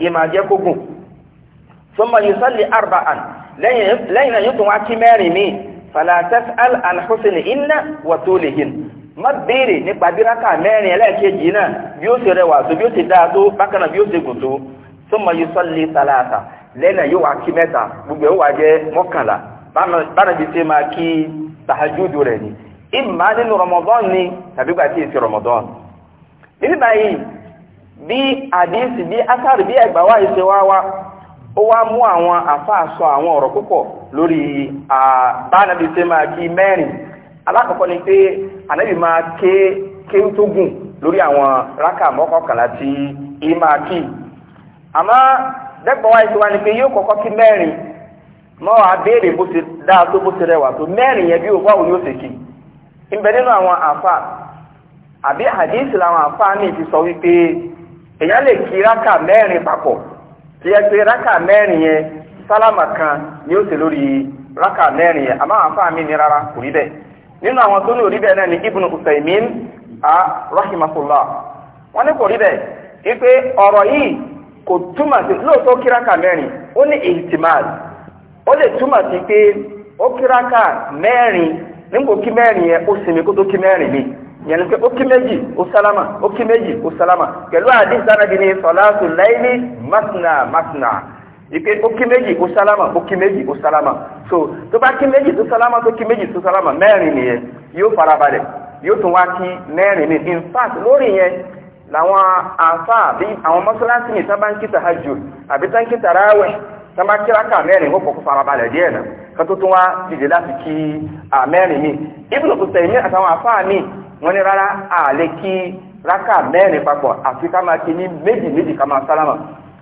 yìí máa jẹ́ kógùn summa yusalli arba'an lẹ́yìn náà yóò tún wá kí mẹ́rin míì falatas al anhusni inna wa tulihin má béèrè nípa bíraka mẹ́rin ẹlẹ́ẹ̀kejì náà bí ó ṣe rẹwà tó bí ó ṣe dáa tó bákan náà bí ó ṣe gùn tó summa yusalli salasa lẹ́nà yóò wá kí mẹ́ta gbogbo ẹ̀ wà jẹ́ mọ́kànlá bára bí ṣe máa kí tàhájúdù rẹ̀ ni ìmá nínú Ramadan ni tàbí gbà tí èsì Ramadan níbi báyìí bí àdínsì bí asárì bí ẹgbà wá ìṣe wá wá ó wá mú àwọn àfáà àwọn ọ̀rọ̀ púpọ̀ lórí bára máa kí mẹ́rin alákọ̀ọ́kọ́ ni pé ànábì ma ké kéwú tó gùn lórí àwọn rákà mọ́kànlá tí ì máa kí àmọ́ dẹ́gbọ́n wáyé ti wá ni pé yóò kọ́kọ́ kí mẹ́rin mọ́ wàá béèrè bó ti dáa tó bó ti rẹwà tó mẹ́rin yẹn bí òwú àwọn yóò ṣe kí ìbẹ̀ nínú àwọn àfa àbí hadisi làwọn àfa ní ti sọ wípé èèyàn lè kí rákà mẹ́rin papọ̀ tí ẹ pé rákà mẹ́rin yẹn sálámà kan ni ó ṣe lórí rákà mẹ́rin yẹn àmọ́ nínú àwọn tó ní orí náà ni ibn a rahimahullah wọ́n ní kò rí bẹ́ẹ̀ wípé ọ̀rọ̀ yìí kò túmọ̀ sí lóòótọ́ kíráka mẹ́rin ó ní okiraka ó lè túmọ̀ sí pé ó kíráka mẹ́rin nígbò kí mẹ́rin yẹn ó sinmi kó tó kí mẹ́rin mi yẹn pé ó kí méjì ó sálámà ó kí méjì ó sálámà pẹ̀lú masna masna ìpè ó kí méjì ó sálámà ó kí méjì ó sálámà so tó bá kí méjì tó sálámà tó kí méjì tó sálámà mẹ́rin nìyẹn yóò farabalẹ̀ yóò tún wá kí mẹ́rin ní in fact lórí yẹn làwọn àfa àbí àwọn mọ́sálásí ní sábà ń kí tahajjud àbí tá ń kí tarawih sábà kíráka mẹ́rin ó kọ́kọ́ farabalẹ̀ díẹ̀ náà ká tó tún wá dìde láti kí mẹ́rin ní ibùdó tó tẹ̀yìn ní àtàwọn àfa mi wọ́n ní rárá àlè kí ráka mẹ́rin papọ̀ àfi ká máa kí ní méjì méjì ká máa sálámà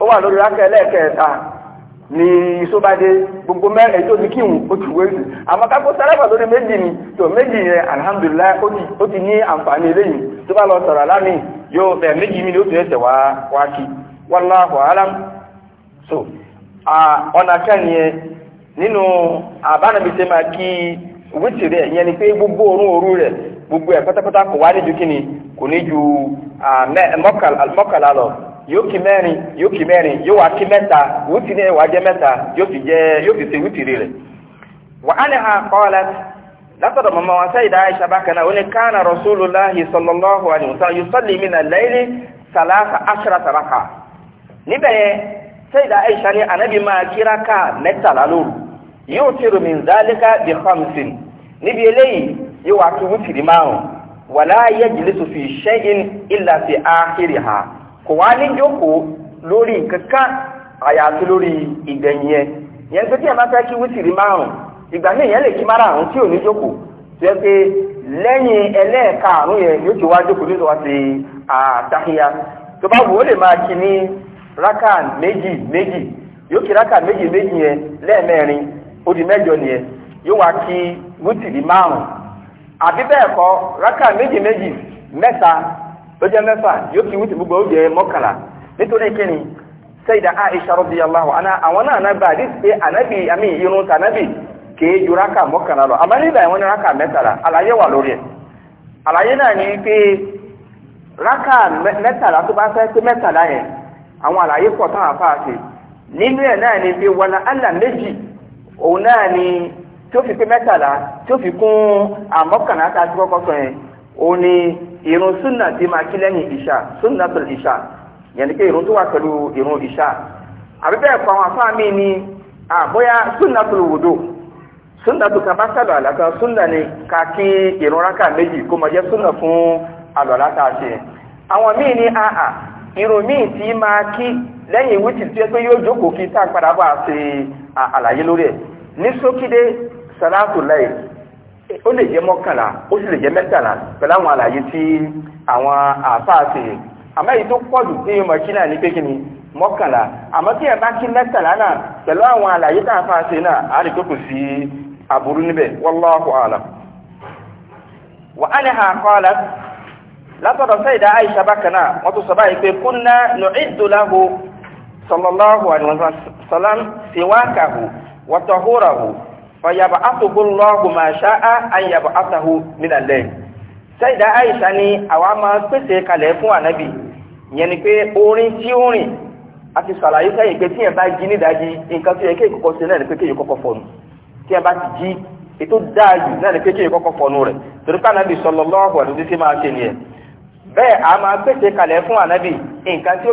ó wà lórí rákà ẹlẹ́ẹ̀kẹta ní sóbádé gbogbo mẹ́rin tó ní kíhùn ó ti wéyìn àmọ́ kákó sálábà lórí méjì ni tó méjì yẹn alihamudulilayi ó ti ní àǹfààní eléyìí tó bá lọ sọ̀rọ̀ alámi yóò bẹ̀ méjì mi ni ó ti ẹsẹ̀ wá wá kí wallahu alam so ọ̀nà kẹ́ni yẹn nínú àbánabìsẹ́ máa kí wítìrì ẹ̀ yẹn ni pé gbogbo orun òru rẹ̀ gbogbo ẹ̀ pátápátá kò wá níjú kíni kò ní ju mọ́kàlá yóò kí mẹ́rin yóò kí mẹ́rin yóò wá kí mẹ́ta wútìrí ẹ̀ wá jẹ́ mẹ́ta yóò fi jẹ́ yóò fi ṣe wútìrí rẹ̀. wà á lè ha kọ́ọ̀lá látọ̀dọ̀ mọ̀mọ́ wọn sẹ́yìn dá Aisha bákan náà ó ní kánà Rasulullahi sallallahu alaihi wasallam yusalli mina layli salasa ashara saraka. níbẹ̀ yẹn sẹ́yìn dá Aisha ní anabi máa kíra ká mẹ́tàlá lóru yóò ti rò min zalika bi khamsin kò wá ní ìjókòó lórí nǹkan kan lórí ìgbẹ̀yìn yẹn tó tí ẹ máa fẹ́ kí wítìrì márùn-ún ìgbà ní ìyẹn lè kí márùn-ún tí ò ní jókòó pé lẹ́yìn yẹn yóò ti wá jókòó nítorí wá sí tó bá wò ó lè máa kí ní rákà méjì méjì yóò kí rákà méjì méjì tó jẹ́ mẹ́fà yóò kí wítìrì gbogbo ó jẹ́ mọ́kànlá nítorí kíni sayida aisha radiyallahu anha àwọn náà náà bá pé ànábì àmì irun tànábì kìí ju rákà mọ́kànlá lọ àmọ́ nígbà ìwọ́n n'i rákà mẹ́tàlá àlàyé wà lórí ẹ̀ àlàyé náà ni pé rákà mẹ́tàlá tó bá fẹ́ pé mẹ́tàlá yẹn àwọn àlàyé pọ̀ táwọn afá ṣe nínú ẹ̀ náà ni pé méjì òun ni fi pé mẹ́tàlá fi kún àmọ́kànlá a ti kọ́kọ́ sọ yẹn ó irun súnà ti máa kí lẹ́yìn ìṣà tó ìṣà pé irun tó wà pẹ̀lú irun ìṣà àbí bẹ́ẹ̀ àwọn afáà mi ni àbóyá súnà tó wùdó ka tó kaba sálọ àlàkà ni ka kí irun raka méjì kó máa jẹ́ súnà fún àlọ́lá tá ṣe àwọn míì irun míì ti máa kí lẹ́yìn a padà bá a ṣe àlàyé lórí ẹ̀ ní sókídé ó lè jẹ́ mọ́kànlá ó sì lè jẹ́ mẹ́tàlá pẹ̀lú àwọn àlàyé tí àwọn àáfàá ṣe àmọ́ èyí tó pọ̀ jù tí mo ṣí náà ní pé kí ni mọ́kànlá àmọ́ tí ẹ bá kí mẹ́tàlá náà pẹ̀lú àwọn àlàyé tá a náà á lè sí wallahu a'lam. wà á ní àkọọ́lá látọ̀dọ̀ Sayyida Aisha bákan náà wọ́n tó sọ báyìí pé kunna nu'iddu lahu sallallahu alaihi wasallam siwakahu wa tahurahu fọyàbà àtòkùn lọ́ọ̀gùn máa ṣáá àyàbà àtàhù nílàlẹ́ sẹ́yìdá àìsà ni àwa máa pèsè kalẹ̀ fún ànábì ìyẹn ni pé orin tí ó rìn a ti sàlàyé sẹ́yìn pé tíyẹn bá jí nídàájí nǹkan tó yẹ kéèyàn kọ́kọ́ ṣe náà ni pé kọ́kọ́ bá ti jí ètò náà ni pé kọ́kọ́ rẹ̀ sọlọ máa ṣe nìyẹn bẹ́ẹ̀ a máa pèsè kalẹ̀ fún ànábì nǹkan tí ó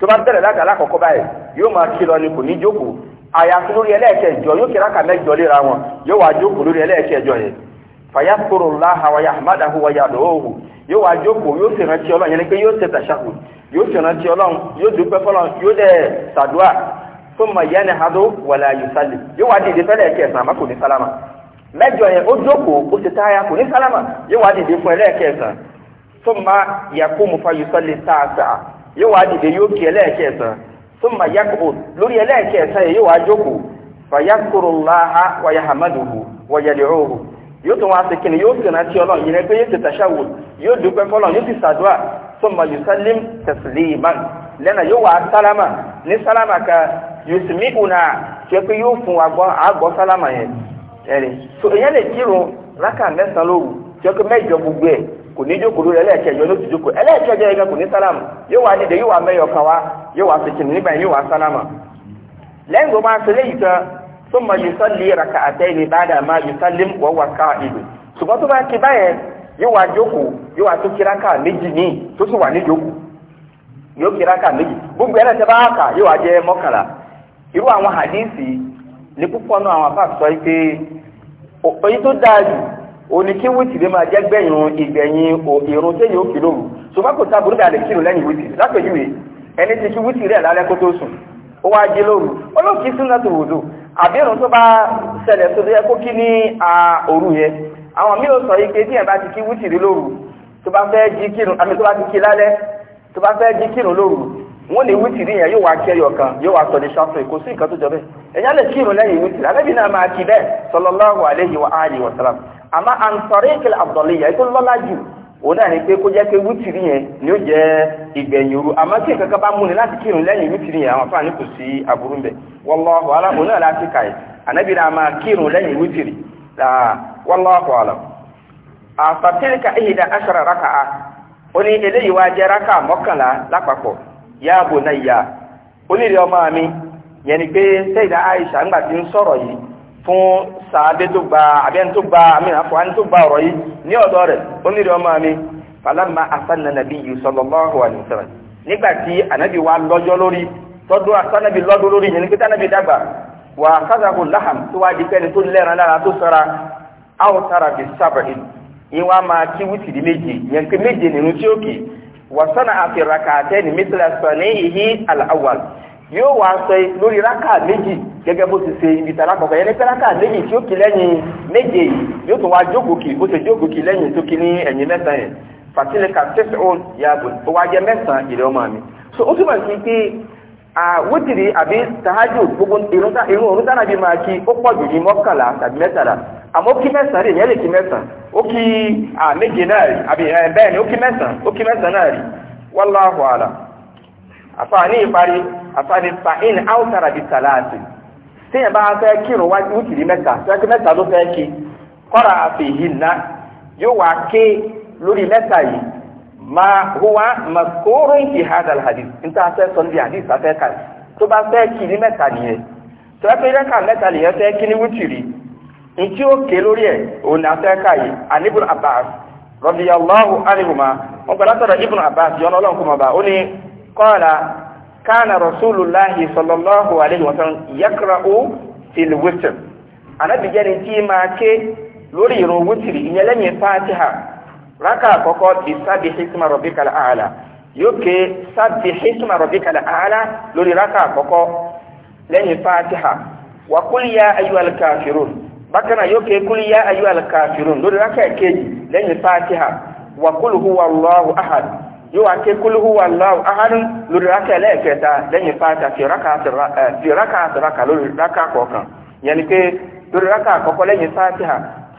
tó bá bẹ̀rẹ̀ láti alákọ̀ọ́kọ́ báyìí yóò máa kí lọ ni kò ní jókòó àyàfi lórí ẹlẹ́ẹ̀kẹjọ yóò kí ráka mẹ́jọ léra wọn yóò wá jókòó lórí ẹlẹ́ẹ̀kẹjọ yẹn fàyàkóró láha wáyà àmàdàhù wáyà lóòhù yóò wá jókòó yóò sì rántí ọlọ́run yẹn ni pé yóò ṣe tàṣàkù yóò sì rántí ọlọ́run yóò dúpẹ́ fọlọ́run yóò dẹ̀ sàdúà fún mayẹ́ni hadó wàlà yusalli yóò wá dìde fẹ́lẹ̀ kẹsàn-án àmọ́ kò ní sálámà mẹ́jọ yẹn ó jókòó ó ti táyà kò ní sálámà yóò wá dìde fún ẹlẹ́ẹ̀kẹsàn-án fún ma yàkó mufa yusalli sáà sáà yóò wá dìde yóò kí ẹlẹ́ẹ̀kẹsàn súnmà yàkùrù lórí ẹlẹ́ẹ̀kẹsàn yóò wá jókòó fà láha wàyà hamaduhu wàyà lèròhù yóò tún wá sí kíni yóò sì rántí ọlọ́run yìí rẹ yóò ti tàṣàwò yóò dúpẹ́ fọlọ́run yóò ti sàdúrà yusalim lẹ́nà yóò wá ka una ṣe pé yóò fún sálámà yẹn so lè kírun rákà kò ní jókòó ẹlẹ́ẹ̀kẹjọ ló ti jókòó ẹlẹ́ẹ̀kẹjọ yẹn kò ní sálámù yóò wá dìde yóò wá mẹ́yọ kan wá yóò wá sèkìnnì nígbà yẹn yóò wá sálámù. lẹ́yìn tó máa ṣẹlẹ̀ yìí tán tó mọ yusalli raka'atayn ba'da ma yusallim wa huwa qa'id ṣùgbọ́n tó bá ti báyẹn yóò wá jókòó yóò wá tó kíráka méjì ní tó sì wà ní jókòó yóò méjì òní kí wítìrì máa jẹ́ gbẹ̀yìn ìgbẹ̀yìn ìrún téyìn òkè lóru ṣùgbọ́n kò sá burúkú àlè kírun lẹ́yìn wítìrì lápèjúwe ẹni tí kí wítìrì ẹ̀ lálẹ́ kó tó sùn ó wá jí lóru olóòkì súnà tó wòdò àbí ìrún tó bá ṣẹlẹ̀ tó yẹ kó kí ní òru yẹ àwọn míì ó sọ yìí pé tí ẹ̀ bá ti kí wítìrì lóru tó bá fẹ́ jí kírun àmì tó bá ti kí lálẹ́ tó bá fẹ́ jí kírun lóru wọ́n lè wítìrì yẹn yóò wá kẹyọ kan yóò wá sọ ní ṣáfù kò sí nǹkan tó jọ bẹ́ẹ̀ ẹ̀yán lè kírun lẹ́yìn wítìrì alẹ́bí náà máa kí bẹ́ẹ̀ sallallahu alaihi wa alihi wa sallam àmọ́ àǹtọ̀rí ìkìlẹ̀ àbọ̀lẹ́yà ètò lọ́lá jù òun náà ni pé kó jẹ́ pé wítìrì yẹn ni ó jẹ́ ìgbẹ̀yìn òru àmọ́ tí nǹkan kan bá múni láti kírun lẹ́yìn wítìrì yẹn àwọn afáàní kò sí aburú mbẹ̀ wallahu alam òun náà láti kà ànábì náà máa kírun lẹ́yìn wítìrì wallahu alam. ìhìdá raka a ó ní eléyìí wá jẹ́ raka mọ́kànlá lápapọ̀ ya bunayya ó ní ọmọ mi yẹn ni pé sẹ́yìn fún sàádé tó gba àbẹ́ni tó gba àmìnà fún àní tó gba ọ̀rọ̀ yìí ní ọ̀dọ́ rẹ̀ ó ní ìrọmọ mi falama asana nabi yìí sallallahu alaihi wasallam nígbà tí anabi wa lọ́jọ́ lórí tọ́dún asanabi lọ́dún lórí yẹn ní pé tanabi dàgbà wà sádàkù láhàm tó wá di pẹ́ni tó lẹ́ran lára tó sara áwọ̀ sara fi sábà yìí yín wá máa kí wítìrì méje yẹn pé méje nínú tí ó kì wà sánà àfẹ́ràn kàtẹ́ ní mẹ́tìlá sọ yóò wá sọ lórí raka méjì gẹ́gẹ́ bó ti ṣe ibi tàrà kọ̀ọ̀kan yẹn ní raka méjì tí ó kì lẹ́yìn méje yìí yóò tún wá jókòó bó ṣe jókòó kì tó kì ní ẹ̀yìn mẹ́ta yẹn fàtílẹ̀ ká tẹ̀sẹ̀ ó wá án ọmọ mi. so ó túmọ̀ sí pé wótìrì àbí tahajù gbogbo irun òrùn sára máa kí ó pọ̀ jù ní mọ́kànlá tàbí mẹ́tàlá àmọ́ kí mẹ́sàn rè yẹn àfáàní fàáìn áwùtara bíi sàláàtì téèyàn bá fẹ́ kírun wájú wítìrí mẹ́ta fẹ́ẹ́ mẹ́ta ló fẹ́ kí kọ́ra àfihìn náà yóò wá ké lórí mẹ́ta yìí ma huwa makorun fi hadal hadith níta fẹ́ sọ níbi hadith afẹ́ kan tó bá fẹ́ kí ní mẹ́ta nìyẹn tó bá fẹ́ rẹ́ka mẹ́ta nìyẹn fẹ́ kí ní wítìrí ntí ó ké lórí ẹ̀ òun náà fẹ́ ká yìí anibul abbas radiyallahu anihuma wọn gbọdọ̀ sọ̀rọ̀ ibùn abbas yọ kana rasulullahi sallallahu alaihi wa sallam yakra'u fil witr anabi jẹ́ tí máa ké lórí ìrun wítìrì ìyẹn lẹ́yìn fatiha rákà àkọ́kọ́ ti sábì hisma rabbika al-a'la yóò ké sábì hisma rabbika al-a'la lórí rákà àkọ́kọ́ lẹ́yìn fatiha wa qul ya ayyuhal kafirun bákan náà yóò ké qul ya ayyuhal kafirun lórí rákà kejì lẹ́yìn fatiha wa qul huwa allahu ahad yóò wá ké kúlúhù wà láwù ahánú lórí rákà ẹlẹ́ẹ̀kẹta lẹ́yìn fàtà fi rákà àtàràkà lórí lori raka yẹn ni pé lórí rákà àkọ́kọ́ lẹ́yìn fàtà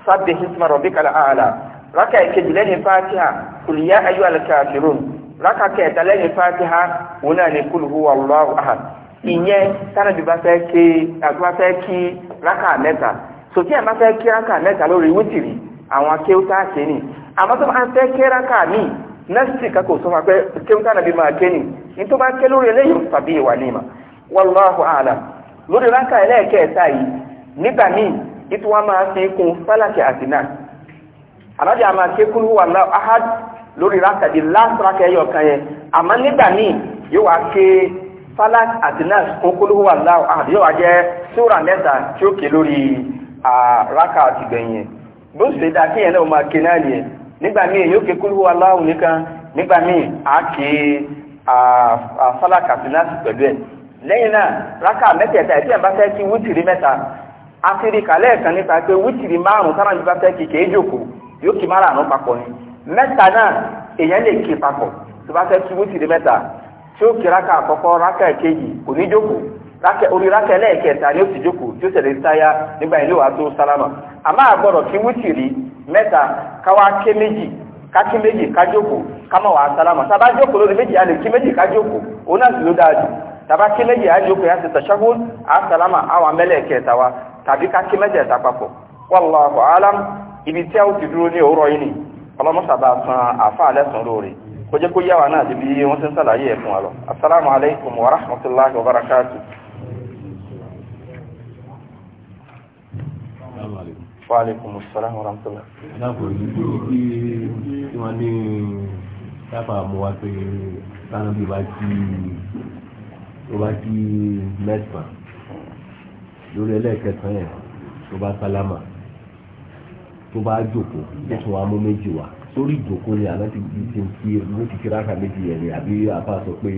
sábẹ̀ bi rọ̀bíkàlà àlà rákà ìkejì lẹ́yìn fàtà kùlìyà ayú alákàfíròn rákà kẹta lẹ́yìn fàtà wọn náà ni kúlúhù wà láwù ahánú ìyẹn tánàbí kí sòtí kí lórí wítìrì àwọn kí nẹ́sì kan kò sọ fún apẹ́ kéwúntà ma máa ni nítorí ma ke lori eléyìí tàbí ìwà ní ma wallahu a'lam lórí rákà ẹlẹ́ẹ̀kẹta yìí nígbà míì ètò wa ma fi kun fálàkì atina náà ama ke máa ké kul lori ahad lórí rákà di last rákà ẹyọ kan ama àmọ́ nígbà míì yóò wá ké fálàkì àti náà kún kul huwallahu ahad yóò wá jẹ́ sóra mẹ́ta tí ó ké lórí rákà àtìgbẹ̀yìn bó ṣe dá kéèyàn náà máa nígbà míì yóò ké kúlú aláwọ̀ nìkan nígbà míì á ké àfàlàkàtì láti pẹ̀lú ẹ̀ lẹ́yìn náà rákà mẹ́tẹ̀ẹ̀ta ẹ̀ tí ẹ̀ bá fẹ́ kí wítìrì mẹ́ta afirika lẹ́ẹ̀kan nípa pé wítìrì márùn sára ju bá fẹ́ kí jòkó yóò kí márùn papọ̀ ni mẹ́ta náà èèyàn lè kí papọ̀ tó bá fẹ́ kí mẹ́ta tí ó kí rákà àkọ́kọ́ rákà kò ní jòkó orí rákà ni ó ti jòkó tí ó tẹ̀lé táyà nígbà wa tó sálámà àmọ́ àgbọ̀dọ̀ kí mẹ́ta káwá ké méjì káké méjì kájókòó kámọ̀ wà á sálámà sábà jókòó lórí méjì alẹ́ kí méjì kájókòó òun náà sì ló dáa jù tàbá ké méjì àjókòó yà sì tàṣákó á sálámà àwọn amẹ́lẹ̀ kẹta wa tàbí káké méjì ẹ̀ta papọ̀ wallahu alam ibi tí a ó ti dúró ní òwúrọ̀ yìí ni ọlọ́mọ́sàbà san àfa alẹ́sùn lóore kó jẹ́ kó yá wa náà débi wọ́n ti ń sàlàyé ẹ̀ wa lọ assalamu wa rahmatullahi wa barakatuh wa alaikum assalam wa rahmatullah. dábòó ibi tí wọ́n ní dábàá mọ́ wá pé sáà bí wá jí tó bá jí mẹ́sàn-án lórí jòkó tó tún mú méjì wá sórí ìjòkó ni àná ti ti ti ló ti kíra ká méjì yẹn ni àbí àbá sọ pé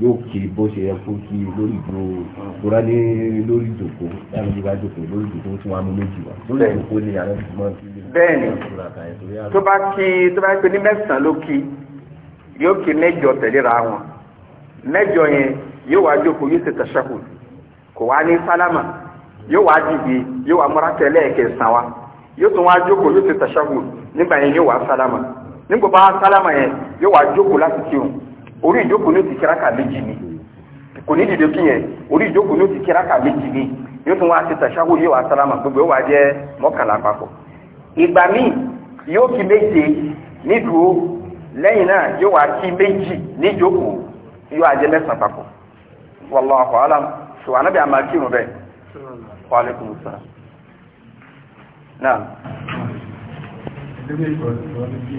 yóò ké bó ṣe yẹ kó kí lórí ìdúró ìdúrà ní lórí ìdòkó láti ní bá jòkó lórí ìdòkó tí wọn á mú méjì wá lórí ìdòkó ni àwọn ti mọ sí. bẹ́ẹ̀ni tó bá kí tó bá pé ní mẹ́sàn-án ló kí yóò kí mẹ́jọ tẹ̀léra wọn mẹ́jọ yẹn yóò wá jòkó yóò ṣe tàṣàkù kò wá ní sálámà yóò wá dìde yóò wá múra tẹ̀lé ẹ̀kẹsàn wa yóò tún wá jòkó yóò ṣe tàṣàkù nígbà yẹn yóò wá sálámà nígbà bá sálámà yẹn yóò wá jòkó láti kírun orí ìjókòó ní ó ti kíráka méjì ni kò ní kí yẹn orí ìjókòó ní ó ti kíráka méjì ni yóò tún wá ti tàṣáwó yóò wá sálámà gbogbo wá jẹ mọ́kànlá papọ̀ ìgbà míì yóò kí méje nídùú lẹ́yìn náà yóò wá kí méjì níjókòó yóò wá jẹ mẹ́sàn papọ̀ alam bẹ́ẹ̀ kí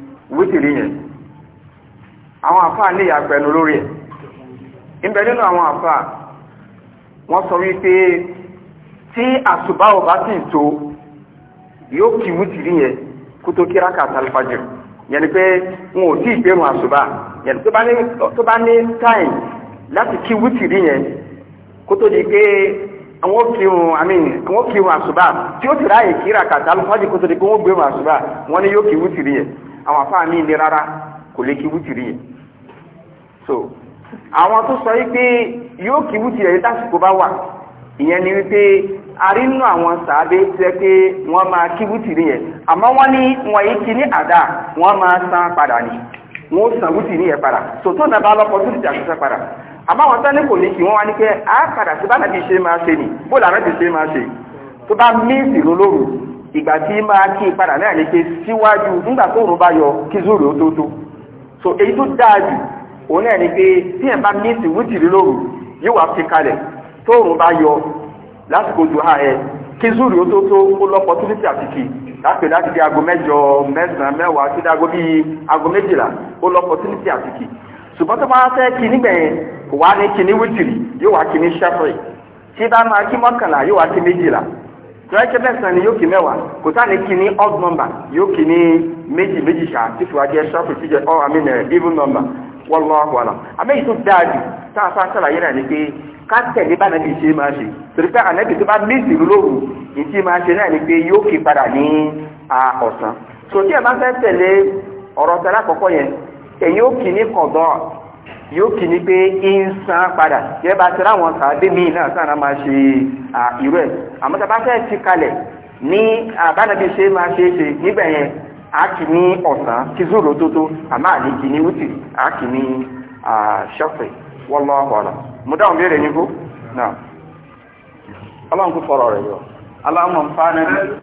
wítìrí yẹn àwọn àfáà ní ìyàpẹ̀nu lórí ẹ̀ ìbẹ̀ nínú àwọn àfáà wọ́n sọ wípé tí àsùbá ò bá sì tó yóò kí wítìrí yẹn kó tó kíra kàtà alifájì yẹn ni pé wọn ò tí ì gbẹ̀rùn àsùbá yẹn tó bá ní táìm láti kí wítìrí yẹn kó tó di pé àwọn kírun àmì àwọn kírun àsùbá tí ó ti ráyè kíra kàtà alifájì kó tó di pé wọ́n gbẹ̀rùn àsùbá wọ́n ní yóò kí wítìrí yẹn àwọn afáà míì ní rárá kò lè kí wútìrí yẹn so àwọn tó sọ wípé yóò kí wútìrí yẹn tásìkò bá wà ìyẹn ni wípé arínú àwọn sàábé tẹ́ pé wọ́n máa kí wútìrí yẹn àmọ́ wọ́n ní wọ́n yìí kí ní àdá wọ́n máa san padà ní wọ́n san wútìrí yẹn padà so tó nàbá lọ́pọ̀ tó ti jà sísẹ́ padà àmọ́ àwọn tẹ́lẹ̀ kò ní kí wọ́n wá ní pé á padà sí bá nàbí ṣe máa ṣe nì bó làrá ti ṣe máa ṣe tó bá mí ìsìrò ìgbà tí máa kí ìpadà náà ní pé síwájú nígbà tó rò bá yọ kí zúrù ó tó so èyí tó dáa jù òun náà ni pé tí ẹ̀ bá míìsì wútìrí lóru yóò wá fi kalẹ̀ tó rò bá yọ lásìkò jù ha ẹ kí zúrù ó tó tó ó lọ́pọ̀ tó títí àtìkì láti láti di aago mẹ́jọ mẹ́sàn-án mẹ́wàá sí aago bíi aago méjìlá ó lọ́pọ̀ tó títí àtìkì ṣùgbọ́n tó máa fẹ́ kí nígbẹ̀yìn wá ní kí tọ́lájẹ́ bẹ́ẹ̀ sàn ni yóò kì mẹ́wàá kò sáà ní kì ní odd number yóò kì ní méjì méjì ṣáà tí fìwájú ẹ̀ ṣáà pèsè ọ́ àmì even number wallahu alam àmẹ́yìí tó dáa jù tá a fa ṣàlàyé rẹ̀ ni pé ká tẹ̀lé bá nàbì ṣe máa ṣe torí pé ànábì tó bá méjì lóru ìtì máa ṣe náà ni pé yóò kì padà ní ọ̀sán sòtí ẹ̀ bá fẹ́ tẹ̀lé ọ̀rọ̀ tẹ́lá yóò kì ní pé ń san padà yẹ́ bá ti ráwọn sàádé náà sára máa ṣe irú ẹ àmọ́ tá a bá fẹ́ ti kalẹ̀ ní àbánabi ṣe máa ṣe é ṣe níbẹ̀ a kì ní ọ̀sán kí zúrò tó tó àmọ́ àní kì a kì ní ṣọ́fẹ̀ wallahu mo dáhùn béèrè ní náà